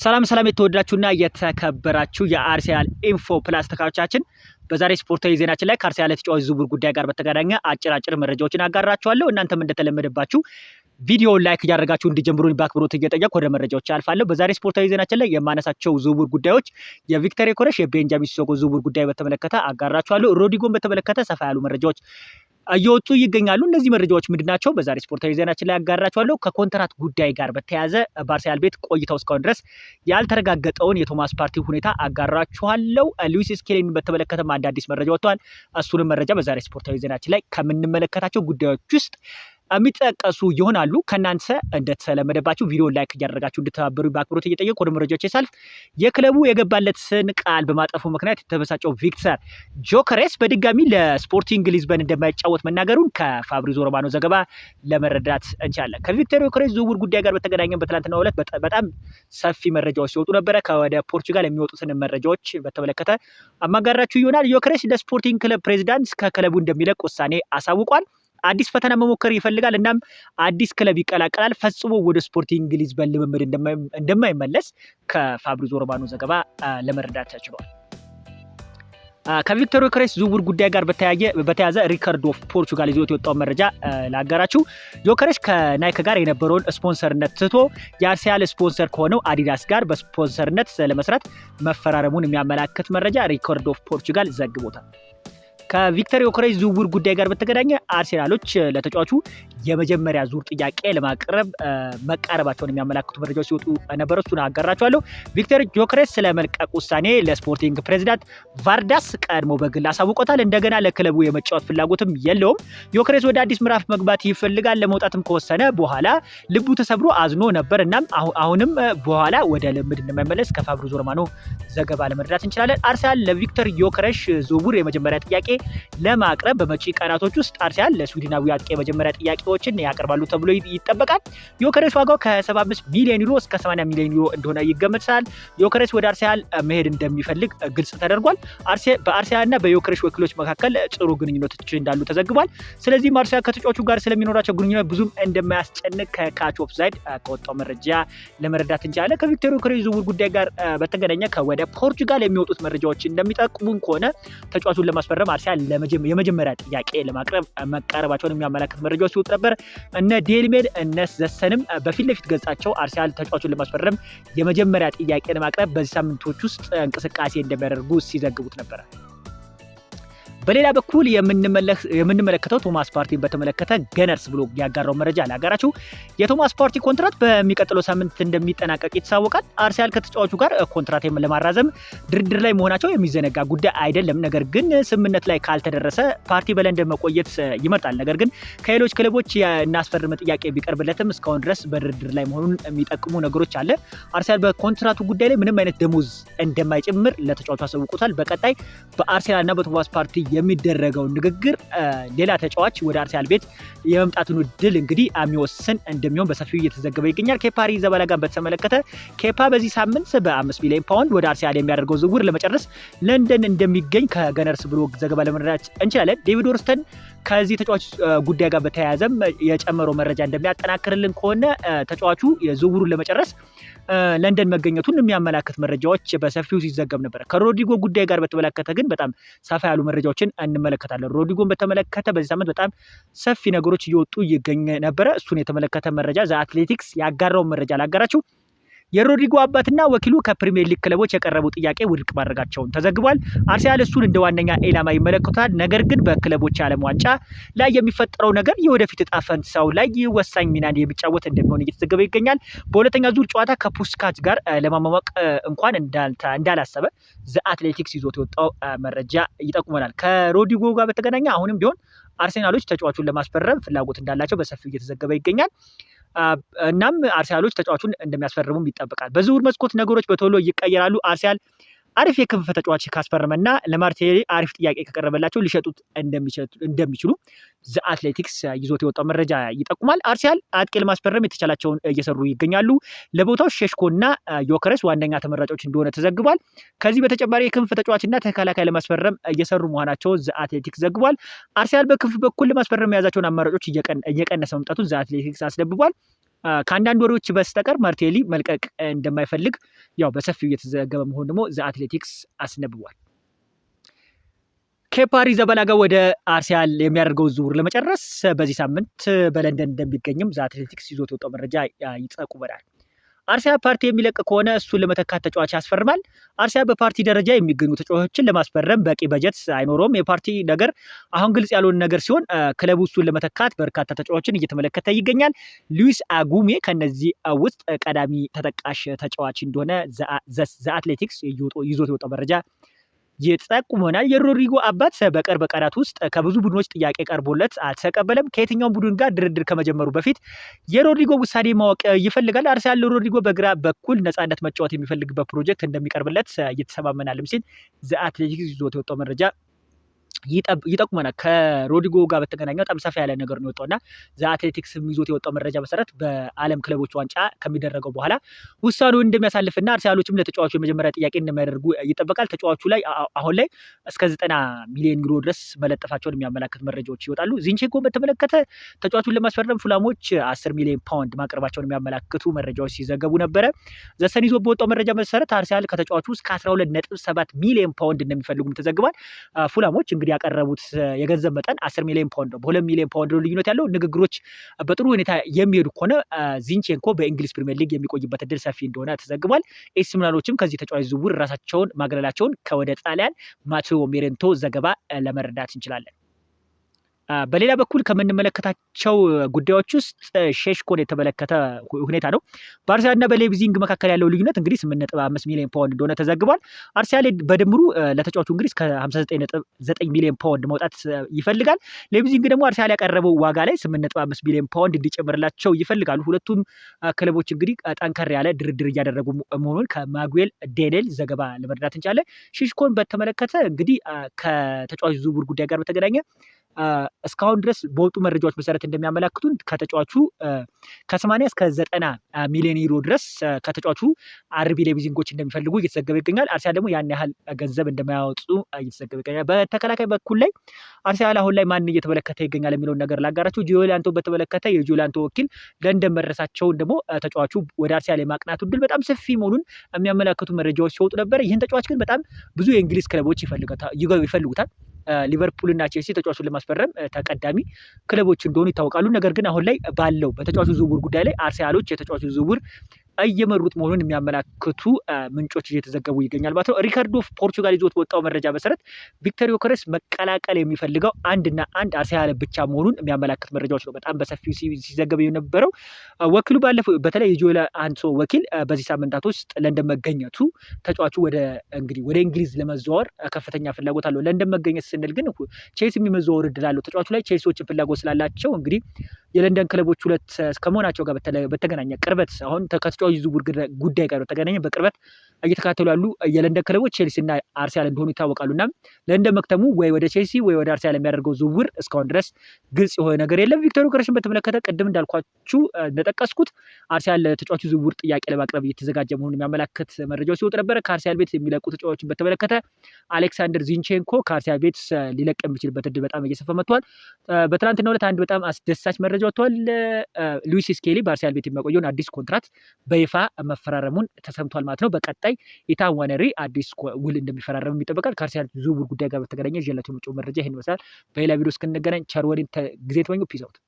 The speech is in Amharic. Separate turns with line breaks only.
ሰላም ሰላም የተወደዳችሁና የተከበራችሁ የአርሴናል ኢንፎ ፕላስ ተካዮቻችን በዛሬ ስፖርታዊ ዜናችን ላይ ከአርሴናል የተጫዋች ዝውውር ጉዳይ ጋር በተገናኘ አጭር አጭር መረጃዎችን አጋራችኋለሁ። እናንተም እንደተለመደባችሁ ቪዲዮውን ላይክ እያደረጋችሁ እንዲጀምሩን በአክብሮት እየጠየቅ ወደ መረጃዎች አልፋለሁ። በዛሬ ስፖርታዊ ዜናችን ላይ የማነሳቸው ዝውውር ጉዳዮች የቪክተር ኮረሽ፣ የቤንጃሚን ሲሶኮ ዝውውር ጉዳይ በተመለከተ አጋራችኋለሁ። ሮድሪጎን በተመለከተ ሰፋ ያሉ መረጃዎች እየወጡ ይገኛሉ። እነዚህ መረጃዎች ምንድን ናቸው? በዛሬ ስፖርታዊ ዜናችን ላይ ያጋራችኋለሁ። ከኮንትራት ጉዳይ ጋር በተያያዘ በአርሰናል ቤት ቆይተው እስካሁን ድረስ ያልተረጋገጠውን የቶማስ ፓርቲ ሁኔታ አጋራችኋለሁ። ሉዊስ ስኬሊን በተመለከተም አንድ አዲስ መረጃ ወጥተዋል። እሱንም መረጃ በዛሬ ስፖርታዊ ዜናችን ላይ ከምንመለከታቸው ጉዳዮች ውስጥ የሚጠቀሱ ይሆናሉ። ከእናንተ እንደተለመደባችሁ ቪዲዮ ላይክ እያደረጋችሁ እንድተባበሩ በአክብሮት እየጠየቅ ወደ መረጃዎች ይሳልፍ። የክለቡ የገባለትን ቃል በማጠፉ ምክንያት የተበሳጨው ቪክተር ጆከሬስ በድጋሚ ለስፖርቲንግ ሊዝበን እንደማይጫወት መናገሩን ከፋብሪዞ ሮማኖ ዘገባ ለመረዳት እንችላለን። ከቪክተር ዮከሬስ ዝውውር ጉዳይ ጋር በተገናኘ በትናንትናው ዕለት በጣም ሰፊ መረጃዎች ሲወጡ ነበረ። ከወደ ፖርቹጋል የሚወጡትን መረጃዎች በተመለከተ አማጋራችሁ ይሆናል። ዮከሬስ ለስፖርቲንግ ክለብ ፕሬዚዳንት ከክለቡ እንደሚለቅ ውሳኔ አሳውቋል። አዲስ ፈተና መሞከር ይፈልጋል። እናም አዲስ ክለብ ይቀላቀላል። ፈጽሞ ወደ ስፖርት እንግሊዝ በልምምድ እንደማይመለስ ከፋብሪዞ ሮማኖ ዘገባ ለመረዳት ተችሏል። ከቪክተር ዮከሬስ ዝውውር ጉዳይ ጋር በተያያዘ ሪከርድ ኦፍ ፖርቹጋል ይዞት የወጣውን መረጃ ላገራችሁ ዮከሬስ ከናይክ ጋር የነበረውን ስፖንሰርነት ትቶ የአርሰናል ስፖንሰር ከሆነው አዲዳስ ጋር በስፖንሰርነት ለመስራት መፈራረሙን የሚያመላክት መረጃ ሪከርድ ኦፍ ፖርቹጋል ዘግቦታል። ከቪክተር ዮከሬስ ዝውውር ጉዳይ ጋር በተገናኘ አርሴናሎች ለተጫዋቹ የመጀመሪያ ዙር ጥያቄ ለማቅረብ መቃረባቸውን የሚያመላክቱ መረጃዎች ሲወጡ ነበር። እሱን አጋራችኋለሁ። ቪክተር ጆክሬስ ስለ መልቀቅ ውሳኔ ለስፖርቲንግ ፕሬዚዳንት ቫርዳስ ቀድሞ በግል አሳውቆታል። እንደገና ለክለቡ የመጫወት ፍላጎትም የለውም። ጆክሬስ ወደ አዲስ ምዕራፍ መግባት ይፈልጋል። ለመውጣትም ከወሰነ በኋላ ልቡ ተሰብሮ አዝኖ ነበር። እናም አሁንም በኋላ ወደ ልምድ እንደማይመለስ ከፋብሪዞ ዞርማኖ ዘገባ ለመረዳት እንችላለን። አርሰናል ለቪክተር ዮክረሽ ዝውውር የመጀመሪያ ጥያቄ ለማቅረብ በመጪ ቀናቶች ውስጥ አርሰናል ለስዊድናዊ አጥቂ የመጀመሪያ ጥያቄ ተስፋዎችን ያቀርባሉ ተብሎ ይጠበቃል። ዮከረስ ዋጋው ከ75 ሚሊዮን ዩሮ እስከ 80 ሚሊዮን ዩሮ እንደሆነ ይገመታል። ዮከሬስ ወደ አርሴያል መሄድ እንደሚፈልግ ግልጽ ተደርጓል። በአርሴያል እና በዮከሬስ ወኪሎች መካከል ጥሩ ግንኙነቶች እንዳሉ ተዘግቧል። ስለዚህ አርሰናል ከተጫዋቹ ጋር ስለሚኖራቸው ግንኙነት ብዙም እንደማያስጨንቅ ከካች ኦፍ ሳይድ ከወጣው መረጃ ለመረዳት እንችላለን። ከቪክቶር ዮከሬስ ዝውውር ጉዳይ ጋር በተገናኘ ወደ ፖርቹጋል የሚወጡት መረጃዎች እንደሚጠቁሙን ከሆነ ተጫዋቹን ለማስፈረም አርሰናል የመጀመሪያ ጥያቄ ለማቅረብ መቃረባቸውን የሚያመላክት መረጃዎች ሲወጡ ነበር። እነ ዴልሜድ እነ ዘሰንም በፊት ለፊት ገጻቸው አርሰናል ተጫዋቹን ለማስፈረም የመጀመሪያ ጥያቄ ለማቅረብ በዚህ ሳምንቶች ውስጥ እንቅስቃሴ እንደሚያደርጉ ሲዘግቡት ነበረ። በሌላ በኩል የምንመለከተው ቶማስ ፓርቲን በተመለከተ ገነርስ ብሎ ያጋራው መረጃ ለሀገራችሁ የቶማስ ፓርቲ ኮንትራት በሚቀጥለው ሳምንት እንደሚጠናቀቅ ይታወቃል። አርሰናል ከተጫዋቹ ጋር ኮንትራት ለማራዘም ድርድር ላይ መሆናቸው የሚዘነጋ ጉዳይ አይደለም። ነገር ግን ስምምነት ላይ ካልተደረሰ ፓርቲ በለንደን መቆየት ይመርጣል። ነገር ግን ከሌሎች ክለቦች የናስፈርም ጥያቄ ቢቀርብለትም እስካሁን ድረስ በድርድር ላይ መሆኑን የሚጠቅሙ ነገሮች አለ። አርሰናል በኮንትራቱ ጉዳይ ላይ ምንም አይነት ደሞዝ እንደማይጨምር ለተጫዋቹ አሳውቆታል። በቀጣይ በአርሰናልና በቶማስ ፓርቲ የሚደረገው ንግግር ሌላ ተጫዋች ወደ አርሰናል ቤት የመምጣቱን እድል እንግዲህ የሚወስን እንደሚሆን በሰፊው እየተዘገበ ይገኛል። ኬፓ አሪዘባላጋን በተመለከተ ኬፓ በዚህ ሳምንት በአምስት ሚሊዮን ፓውንድ ወደ አርሰናል የሚያደርገው ዝውውር ለመጨረስ ለንደን እንደሚገኝ ከገነርስ ብሎ ዘገባ ለመረዳት እንችላለን። ዴቪድ ወርስተን ከዚህ ተጫዋች ጉዳይ ጋር በተያያዘም የጨመረው መረጃ እንደሚያጠናክርልን ከሆነ ተጫዋቹ ዝውውሩን ለመጨረስ ለንደን መገኘቱን የሚያመላክት መረጃዎች በሰፊው ሲዘገብ ነበረ። ከሮድሪጎ ጉዳይ ጋር በተመለከተ ግን በጣም ሰፋ ያሉ መረጃዎችን እንመለከታለን። ሮድሪጎን በተመለከተ በዚህ ሳምንት በጣም ሰፊ ነገሮች እየወጡ ይገኝ ነበረ። እሱን የተመለከተ መረጃ ዘ አትሌቲክስ ያጋራውን መረጃ ላጋራችሁ። የሮድሪጎ አባትና ወኪሉ ከፕሪሚየር ሊግ ክለቦች የቀረቡ ጥያቄ ውድቅ ማድረጋቸውን ተዘግቧል። አርሰናል እሱን እንደ ዋነኛ ኢላማ ይመለከቱታል። ነገር ግን በክለቦች የዓለም ዋንጫ ላይ የሚፈጠረው ነገር የወደፊት እጣ ፈንታው ላይ ወሳኝ ሚናን የሚጫወት እንደሚሆን እየተዘገበ ይገኛል። በሁለተኛ ዙር ጨዋታ ከፑስካች ጋር ለማሟሟቅ እንኳን እንዳላሰበ ዘ አትሌቲክስ ይዞት የወጣው መረጃ ይጠቁመናል። ከሮድሪጎ ጋር በተገናኘ አሁንም ቢሆን አርሴናሎች ተጫዋቹን ለማስፈረም ፍላጎት እንዳላቸው በሰፊው እየተዘገበ ይገኛል። እናም አርሰናሎች ተጫዋቹን እንደሚያስፈርሙም ይጠበቃል። በዝውውር መስኮት ነገሮች በቶሎ ይቀየራሉ። አርሰናል አሪፍ የክንፍ ተጫዋች ካስፈረመና ለማርቴሊ አሪፍ ጥያቄ ከቀረበላቸው ሊሸጡት እንደሚችሉ ዘ አትሌቲክስ ይዞት የወጣው መረጃ ይጠቁማል። አርሲያል አጥቂ ለማስፈረም የተቻላቸውን እየሰሩ ይገኛሉ። ለቦታው እና ዮከረስ ዋነኛ ተመራጮች እንደሆነ ተዘግቧል። ከዚህ በተጨማሪ የክንፍ ተጫዋችና ተከላካይ ለማስፈረም እየሰሩ መሆናቸውን ዘ አትሌቲክስ ዘግቧል። አርሲያል በክንፍ በኩል ለማስፈረም የያዛቸውን አማራጮች እየቀነሰ መምጣቱን ዘ አትሌቲክስ አስደብቧል። ከአንዳንድ ወሬዎች በስተቀር ማርቴሊ መልቀቅ እንደማይፈልግ ያው በሰፊው እየተዘገበ መሆን ደግሞ ዘ አትሌቲክስ አስነብቧል። ኬፓሪ ዘበላጋ ወደ አርሴያል የሚያደርገው ዝውውር ለመጨረስ በዚህ ሳምንት በለንደን እንደሚገኝም ዘ አትሌቲክስ ይዞት የወጣው መረጃ ይጠቁመናል። አርሲያ ፓርቲ የሚለቅ ከሆነ እሱን ለመተካት ተጫዋች ያስፈርማል። አርሲያ በፓርቲ ደረጃ የሚገኙ ተጫዋቾችን ለማስፈረም በቂ በጀት አይኖረውም። የፓርቲ ነገር አሁን ግልጽ ያልሆነ ነገር ሲሆን ክለቡ እሱን ለመተካት በርካታ ተጫዋቾችን እየተመለከተ ይገኛል። ሉዊስ አጉሜ ከነዚህ ውስጥ ቀዳሚ ተጠቃሽ ተጫዋች እንደሆነ ዘአትሌቲክስ ይዞት የወጣው መረጃ ይጠቁመናል። የሮድሪጎ አባት በቅርብ ቀናት ውስጥ ከብዙ ቡድኖች ጥያቄ ቀርቦለት አልተቀበለም። ከየትኛውም ቡድን ጋር ድርድር ከመጀመሩ በፊት የሮድሪጎ ውሳኔ ማወቅ ይፈልጋል። አርሰናል ሮድሪጎ በግራ በኩል ነጻነት መጫወት የሚፈልግበት ፕሮጀክት እንደሚቀርብለት ይተማመናልም ሲል ዘአትሌቲክስ ይዞት የወጣው መረጃ ይጠቁመናል። ከሮድሪጎ ጋር በተገናኘው በጣም ሰፋ ያለ ነገር ነው የወጣው እና ዘ አትሌቲክስ ይዞት የወጣው መረጃ መሰረት በዓለም ክለቦች ዋንጫ ከሚደረገው በኋላ ውሳኔውን እንደሚያሳልፍና አርሰናሎችም ለተጫዋቹ የመጀመሪያ ጥያቄ እንደሚያደርጉ ይጠበቃል። ተጫዋቹ ላይ አሁን ላይ እስከ ዘጠና ሚሊዮን ዩሮ ድረስ መለጠፋቸውን የሚያመላክት መረጃዎች ይወጣሉ። ዚንቼንኮን በተመለከተ ተጫዋቹን ለማስፈረም ፉላሞች አስር ሚሊዮን ፓውንድ ማቅረባቸውን የሚያመላክቱ መረጃዎች ሲዘገቡ ነበረ። ዘሰን ይዞ በወጣው መረጃ መሰረት አርሰናል ከተጫዋቹ እስከ አስራ ሁለት ነጥብ ሰባት ሚሊዮን ፓውንድ እንደሚፈልጉም ተዘግቧል። ፉላሞች እንግዲህ ያቀረቡት የገንዘብ መጠን አስር ሚሊዮን ፓውንድ ነው። በሁለት ሚሊዮን ፓውንድ ነው ልዩነት ያለው። ንግግሮች በጥሩ ሁኔታ የሚሄዱ ከሆነ ዚንቼንኮ በእንግሊዝ ፕሪሚየር ሊግ የሚቆይበት እድል ሰፊ እንደሆነ ተዘግቧል። ኤስ ሚላኖችም ከዚህ ተጫዋች ዝውውር ራሳቸውን ማግለላቸውን ከወደ ጣሊያን ማቴዎ ሜሬንቶ ዘገባ ለመረዳት እንችላለን። በሌላ በኩል ከምንመለከታቸው ጉዳዮች ውስጥ ሼሽኮን የተመለከተ ሁኔታ ነው። በአርሰናልና በሌቪዚንግ መካከል ያለው ልዩነት እንግዲህ አምስት ሚሊዮን ፓውንድ እንደሆነ ተዘግቧል። አርሰናል በድምሩ ለተጫዋቹ እንግዲህ እስከ 59.9 ሚሊዮን ፓውንድ መውጣት ይፈልጋል። ሌቪዚንግ ደግሞ አርሰናል ያቀረበው ዋጋ ላይ አምስት ሚሊዮን ፓውንድ እንዲጨምርላቸው ይፈልጋሉ። ሁለቱም ክለቦች እንግዲህ ጠንከር ያለ ድርድር እያደረጉ መሆኑን ከማጉዌል ዴኔል ዘገባ ለመረዳት እንችላለን። ሼሽኮን በተመለከተ እንግዲህ ከተጫዋቹ ዝውውር ጉዳይ ጋር በተገናኘ እስካሁን ድረስ በወጡ መረጃዎች መሰረት እንደሚያመላክቱን ከተጫዋቹ ከ እስከ ዘጠና ሚሊዮን ዩሮ ድረስ ከተጫዋቹ አርቢ ሌቪዚንጎች እንደሚፈልጉ እየተዘገበ ይገኛል። አርሰናል ደግሞ ያን ያህል ገንዘብ እንደማያወጡ እየተዘገበ ይገኛል። በተከላካይ በኩል ላይ አርሲያል አሁን ላይ ማን እየተመለከተ ይገኛል የሚለውን ነገር ላጋራቸው። ጆላንቶ በተመለከተ የጆላንቶ ወኪል ለንደን መድረሳቸውን ደግሞ ተጫዋቹ ወደ አርሲያል የማቅናቱ እድል በጣም ሰፊ መሆኑን የሚያመላክቱ መረጃዎች ሲወጡ ነበር። ይህን ተጫዋች ግን በጣም ብዙ የእንግሊዝ ክለቦች ይፈልጉታል ሊቨርፑልና ቼልሲ ተጫዋቹን ለማስፈረም ተቀዳሚ ክለቦች እንደሆኑ ይታወቃሉ። ነገር ግን አሁን ላይ ባለው በተጫዋቹ ዝውውር ጉዳይ ላይ አርሰናሎች የተጫዋቹ ዝውውር እየመሩት መሆኑን የሚያመላክቱ ምንጮች እየተዘገቡ ይገኛል ማለት ነው። ሪካርዶ ፖርቹጋል ይዞት በወጣው መረጃ መሰረት ቪክተር ዮከረስ መቀላቀል የሚፈልገው አንድና አንድ አርሰናል ብቻ መሆኑን የሚያመላክት መረጃዎች ነው በጣም በሰፊው ሲዘገብ የነበረው። ወኪሉ ባለፈው በተለይ የጆላ አንሶ ወኪል በዚህ ሳምንታት ውስጥ ለንደን መገኘቱ ተጫዋቹ ወደ እንግዲህ ወደ እንግሊዝ ለመዘዋወር ከፍተኛ ፍላጎት አለው። ለንደን መገኘት ስንል ግን ቼልሲ የሚመዘዋወር እድል አለው ተጫዋቹ ላይ ቼልሲዎችን ፍላጎት ስላላቸው እንግዲህ የለንደን ክለቦች ሁለት ከመሆናቸው ጋር በተገናኘ ቅርበት አሁን ከተጫዋች ዝውውር ጉዳይ ጋር በተገናኘ በቅርበት እየተከታተሉ ያሉ የለንደን ክለቦች ቼልሲ እና አርሰናል እንደሆኑ ይታወቃሉ። እና ለንደን መክተሙ ወይ ወደ ቼልሲ ወይ ወደ አርሲያል የሚያደርገው ዝውውር እስካሁን ድረስ ግልጽ የሆነ ነገር የለም። ቪክቶር ዮከረስን በተመለከተ ቅድም እንዳልኳችሁ እንደጠቀስኩት አርሰናል ለተጫዋቹ ዝውውር ጥያቄ ለማቅረብ እየተዘጋጀ መሆኑን የሚያመላክት መረጃዎች ሲወጥ ነበረ። ከአርሲያል ቤት የሚለቁ ተጫዋቾችን በተመለከተ አሌክሳንደር ዚንቼንኮ ከአርሲያል ቤት ሊለቅ የሚችልበት እድል በጣም እየሰፋ መጥቷል። በትናንትናው ዕለት አንድ በጣም አስደሳች መረጃ መረጃ ወጥቷል። ሉዊስ ስኬሊ በአርሰናል ቤት የሚያቆየውን አዲስ ኮንትራት በይፋ መፈራረሙን ተሰምቷል ማለት ነው። በቀጣይ ኢታን ዋነሪ አዲስ ውል እንደሚፈራረም ይጠበቃል። ከአርሰናል ዝውውር ጉዳይ ጋር በተገናኘ ጀላቸው መረጃ ይህን ይመስላል። በሌላ ቪዲዮ እስክንገናኝ ቸር ወዲን ጊዜ ተመኘሁ። ፒስ አውት